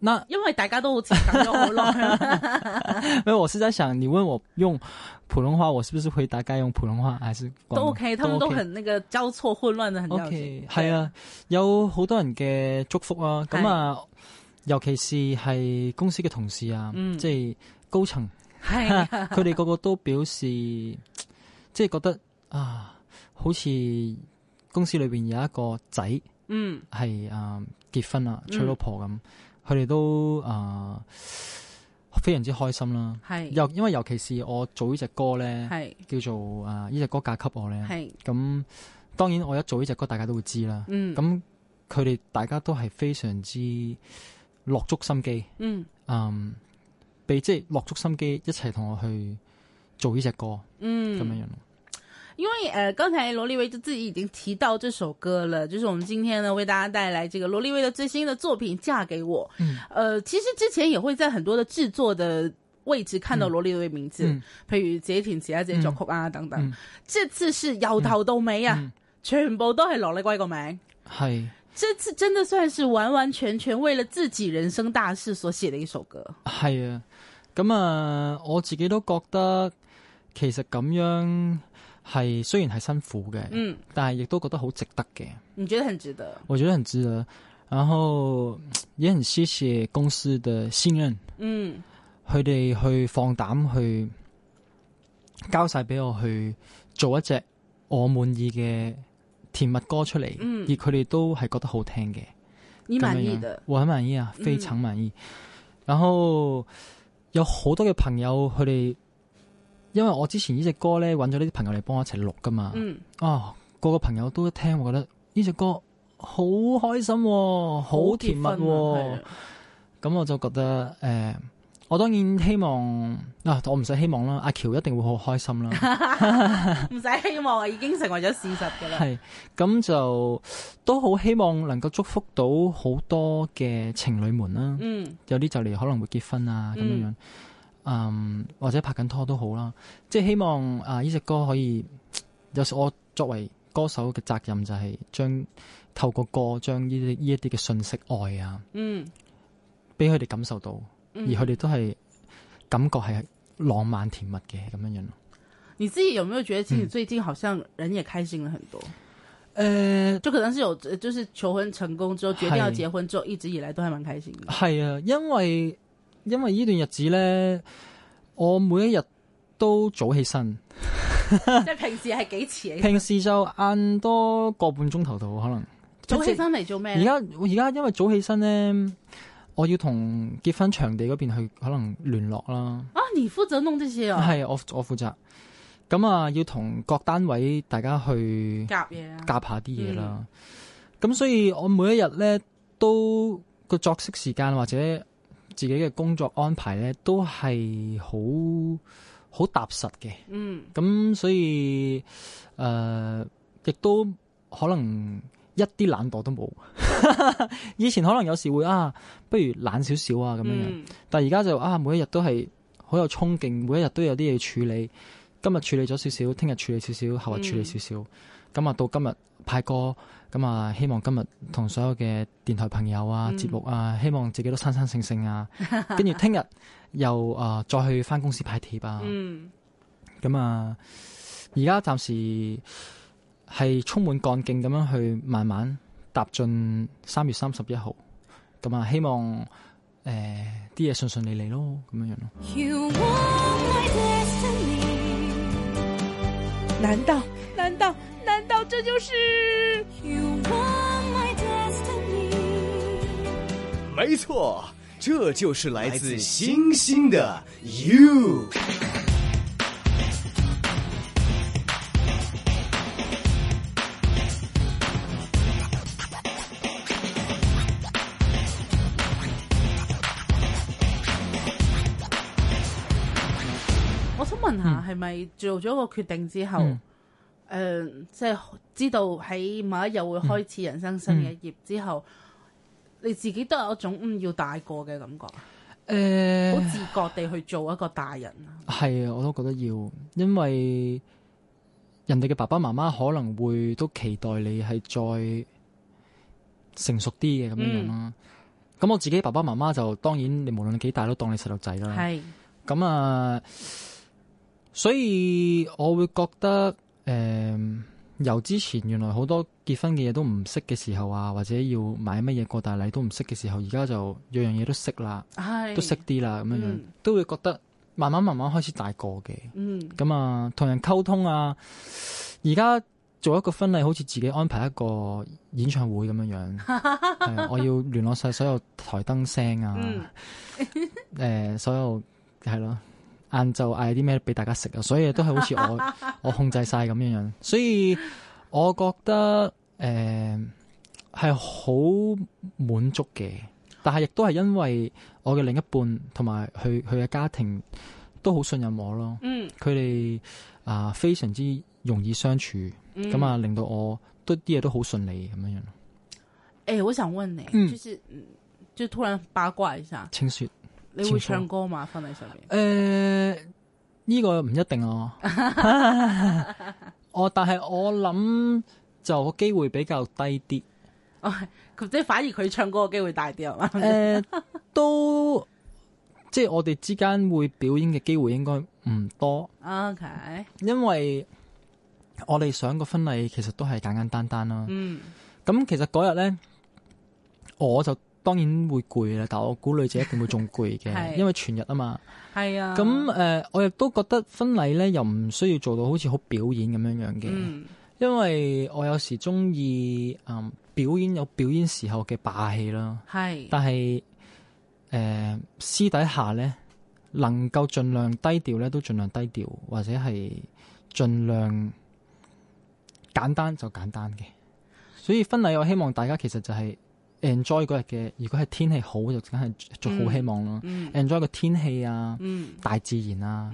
那 因為大家都好似講好亂，因為我是在想，你問我用普通話，我是不是可以大家用普通話，還是廣東都 OK？他們都很那個交錯混亂的，很 OK 對。係啊，有好多人嘅祝福啊。咁，是啊，尤其是係公司嘅同事啊，即係、嗯、高層，佢哋、嗯、 個個都表示，即、就、係、是、覺得啊，好似公司裏邊有一個仔、嗯，嗯，係啊結婚啊，娶老婆咁。嗯佢哋都啊、呃、非常之開心啦，又是因為尤其是我做這呢隻歌咧，是叫做啊呢隻歌嫁給我咧，咁是當然我一做呢隻歌，大家都會知啦。咁佢哋大家都係非常之落足心機，嗯，嗯，被即係、就是、落足心機一齊同我去做呢隻歌，嗯，咁樣樣。因為，呃，剛才羅力威就自己已經提到這首歌了，就是我們今天呢為大家帶來這個羅力威的最新的作品《嫁給我》。嗯，呃，其實之前也會在很多的製作的位置看到羅力威名字，配樂、嗯、節、嗯、慶、其他這些 k 曲啊等等。嗯嗯、這次是由頭到尾啊，嗯、全部都係羅力威個名。係是，這次真的算是完完全全為了自己人生大事所寫的一首歌。係啊，咁啊、呃，我自己都覺得其實咁樣。係雖然係辛苦嘅，嗯，但係亦都覺得好值得嘅。你覺得很值得？我覺得很值得。然後也很謝謝公司的信任，嗯，佢哋去放膽去交晒俾我去做一隻我滿意嘅甜蜜歌出嚟，嗯，而佢哋都係覺得好聽嘅。你滿意嘅？我很滿意啊，非常滿意。嗯，然後有好多嘅朋友佢哋。他們因為我之前呢隻歌呢，揾咗呢啲朋友嚟幫我一齊錄噶嘛，嗯、啊，個個朋友都一聽，我覺得呢隻歌好開心、啊，好甜蜜、啊，咁、嗯、我就覺得誒、呃，我當然希望啊，我唔使希望啦，阿喬一定會好開心啦，唔使 希望，已經成為咗事實噶啦，係，咁就都好希望能夠祝福到好多嘅情侶們啦，嗯，有啲就嚟可能會結婚啊，咁、嗯、樣。嗯，um, 或者拍緊拖都好啦，即係希望啊，呢隻歌可以，有時我作為歌手嘅責任就係將透過歌將呢呢一啲嘅訊息愛啊，嗯，俾佢哋感受到，而佢哋都係、嗯、感覺係浪漫甜蜜嘅咁樣樣咯。你自己有冇有覺得自己最近好像人也開心了很多？誒、嗯，就可能是有，就是求婚成功之後決定要結婚之後，是一直以來都係蠻開心嘅。係啊，因為。因為呢段日子咧，我每一日都早起身。即係 平時係幾遲？平時就晏多個半鐘頭度可能。早起身嚟做咩？而家而家因為早起身咧，我要同結婚場地嗰邊去可能聯絡啦。啊，你負責弄啲事啊？係我我負責。咁啊，要同各單位大家去夾嘢啊，夾下啲嘢啦。咁、嗯、所以我每一日咧都個作息時間或者。自己嘅工作安排咧，都係好好踏實嘅。嗯，咁所以誒、呃，亦都可能一啲懶惰都冇。 以前可能有時會啊，不如懶少少啊咁樣樣，嗯、但而家就啊，每一日都係好有衝勁，每一日都有啲嘢處理。今日處理咗少少，聽日處理少少，後日處理少少，咁啊、嗯、到今日。派歌咁啊！希望今日同所有嘅電台朋友啊、嗯、節目啊，希望自己都生生性性啊。跟住聽日又啊、呃、再去翻公司派帖啊。咁啊、嗯，而家暫時係充滿幹勁咁樣去慢慢踏進三月三十一號。咁、嗯、啊，希望誒啲嘢順順利利咯，咁樣樣咯。難道難道？這就是，you my destiny 沒錯，這就是來自星星的 you、嗯。我想問下，係咪、嗯、做咗個決定之後、嗯？誒，uh, 即係知道喺某一日會開始人生新嘅一頁之後，嗯嗯，你自己都有一種嗯，要大個嘅感覺誒，好，呃，自覺地去做一個大人啊。係啊，我都覺得要，因為人哋嘅爸爸媽媽可能會都期待你係再成熟啲嘅咁樣樣啦。咁我自己爸爸媽媽就當然，你無論你幾大都當你細路仔啦。係的。咁啊，uh, 所以我會覺得。誒、呃，由之前原來好多結婚嘅嘢，都唔識嘅時候啊，或者要買乜嘢過大禮都唔識嘅時候，而家就樣樣嘢都識啦，都識啲啦，咁樣樣都會覺得慢慢慢慢開始大個嘅。嗯，咁啊，同人溝通啊，而家做一個婚禮好似自己安排一個演唱會咁樣樣 我要聯絡晒所有台燈聲啊，誒、嗯 呃，所有係咯。對晏晝嗌啲咩俾大家食啊！所以都係好似我 我控制晒咁樣樣，所以我覺得誒係好滿足嘅。但係亦都係因為我嘅另一半同埋佢佢嘅家庭都好信任我咯。嗯，佢哋啊非常之容易相處，咁啊、嗯、令到我都啲嘢都好順利咁樣樣。誒、欸，我想問你，就是、嗯、就突然八卦一下。請說。你會唱歌嘛？婚禮上面？誒、嗯，呢、這個唔一定咯、啊。 哦，但係我諗就個機會比較低啲。哦，即係反而佢唱歌嘅機會大啲係嘛？誒、嗯 嗯，都即係、就是、我哋之間會表演嘅機會應該唔多。O Okay . K，因為我哋想個婚禮其實都係簡簡單單啦、啊。嗯，咁、嗯、其實嗰日咧，我就。當然會攰啦，但我估女仔一定會仲攰嘅， 是因為全日啊嘛。係啊。咁誒、呃，我亦都覺得婚禮咧又唔需要做到好似好表演咁樣樣嘅，嗯、因為我有時中意、呃、表演有表演時候嘅霸氣啦。係是。但係誒、呃、私底下咧，能夠盡量低調咧都盡量低調，或者係盡量簡單就簡單嘅。所以婚禮我希望大家其實就係、是。Enjoy 嗰日嘅，如果係天氣好就梗係做好希望咯。Enjoy 個天氣啊，大自然啊，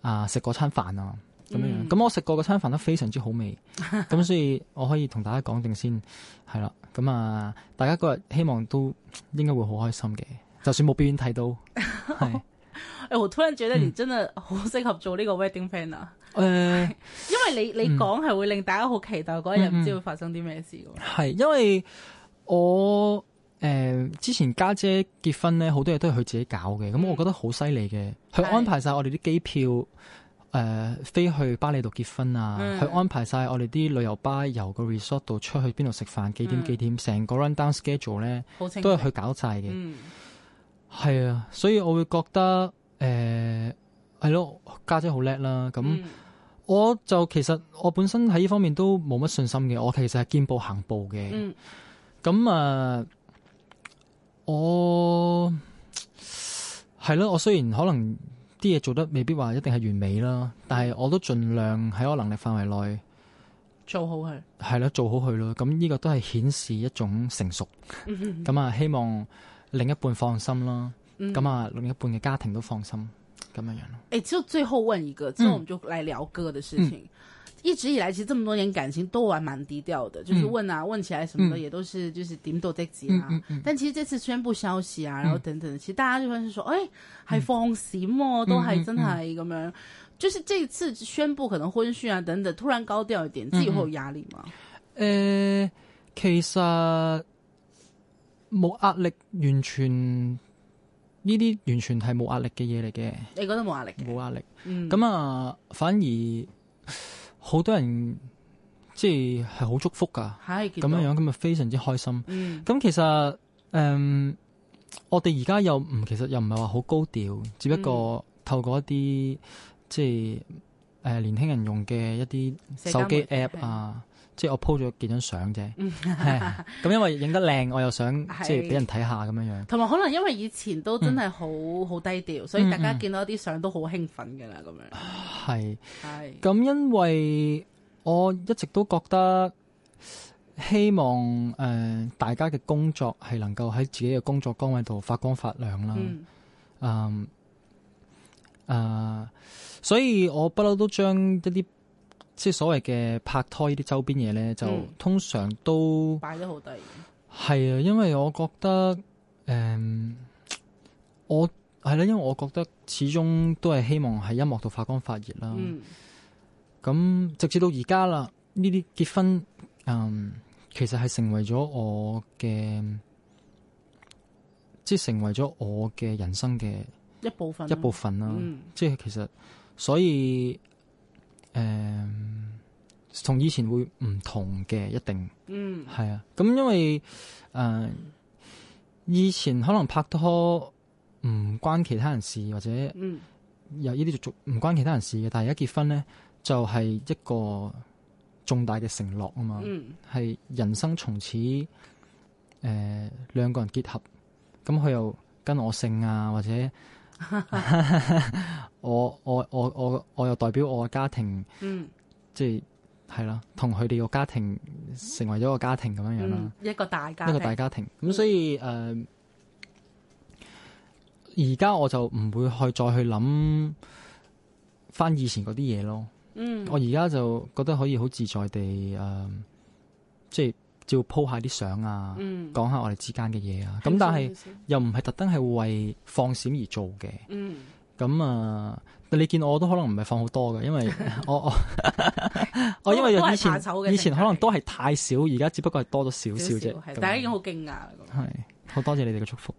啊食嗰餐飯啊，咁樣。咁我食過個餐飯都非常之好味，咁所以我可以同大家講定先，係啦。咁啊，大家嗰日希望都應該會好開心嘅，就算冇表演睇都係。我突然覺得你真係好適合做呢個 wedding planner。誒，因為你你講係會令大家好期待嗰日，唔知會發生啲咩事㗎嘛。係因為。我誒、呃，之前家姐，姐結婚咧，好多嘢都係佢自己搞嘅。咁、嗯、我覺得好犀利嘅，佢是安排晒我哋啲機票誒、呃，飛去巴厘島結婚啊。佢、嗯、安排晒我哋啲旅遊巴由個 resort 度出去邊度食飯，幾點幾點，成、嗯、個 run down schedule 咧，都係佢搞晒嘅。係、嗯、啊，所以我會覺得誒係咯，家、呃、姐好叻啦。咁、嗯、我就其實我本身喺呢方面都冇乜信心嘅。我其實係見步行步嘅。嗯咁啊、呃，我係咯，我雖然可能啲嘢，做得未必話一定係完美啦，但係我都盡量喺我能力範圍內做好佢。係咯，做好佢咯。咁呢個都係顯示一種成熟。咁、嗯、哼啊，希望另一半放心啦。咁、嗯、啊，另一半嘅家庭都放心。咁樣樣咯。誒，就最後問一個，之後我們就嚟聊哥嘅事情。嗯嗯一直以來，其實這麼多年感情都還蠻低調的，嗯、就是問啊問起來什麼的，也都是就是點都在接啊。嗯嗯嗯、但其實這次宣布消息啊，嗯、然後等等，其實大家就會說，誒、哎，係放閃哦，都係真係咁樣。嗯嗯嗯、就是這次宣布可能婚訊啊等等，突然高調一點，自己會有壓力嗎？誒、嗯嗯呃，其實冇壓，壓，壓，壓力，完全呢啲完全係冇壓力嘅嘢嚟嘅。你覺得冇壓力？冇壓力。咁啊，反而。 好多人即係好祝福噶，咁的樣樣咁啊，非常之開心。咁、嗯、其實，嗯，我哋而家又唔，其實又唔係話好高調，只不過透過一啲即係誒、呃、年輕人用嘅一啲手機 app 啊。即係我 po 咗幾張相啫，係咁 因為影得靚，我又想即係俾人睇下咁樣樣。同埋 可能因為以前都真係好好低調，嗯、所以大家見到啲相都好興奮噶啦，咁、嗯嗯、樣係係。咁是是因為我一直都覺得希望誒、呃、大家嘅工作係能夠喺自己嘅工作崗位度發光發亮啦，嗯啊、呃呃，所以我不嬲都將一啲。即係所謂嘅拍拖呢啲周邊嘢咧，就通常都擺得好低。係啊、嗯，因為我覺得誒、嗯，我係啦，因為我覺得始終都係希望喺音樂度發光發熱啦。咁、嗯、直至到而家啦，呢啲結婚嗯，其實係成為咗我嘅，即係成為咗我嘅人生嘅一部分一部分啦。嗯、即係其實所以誒。嗯同以前會唔同嘅，一定，嗯，係啊，咁因為誒、呃、以前可能拍拖唔關其他人事，或者有呢啲就唔關其他人事嘅，但係而家結婚咧就係、是、一個重大嘅承諾啊嘛，嗯，係人生從此誒、呃、兩個人結合，咁佢又跟我姓啊，或者 我我我我我又代表我嘅家庭，嗯，即係。係啦，同佢哋個家庭成為咗個家庭咁樣樣啦，一個大家一個大家庭。咁、嗯、所以誒，而、呃、家我就唔會去再去諗翻以前嗰啲嘢咯。嗯，我而家就覺得可以好自在地誒、呃，即係照 po 下啲相啊，講、嗯、下我哋之間嘅嘢啊。咁但係、嗯、又唔係特登係為放閃而做嘅。嗯，咁啊。呃你見我都可能唔係放好多嘅，因為我我我因為以前以前可能都係太少，而家只不過係多咗少少啫。大家樣已經好驚訝啦。好多對樣謝你哋嘅祝福。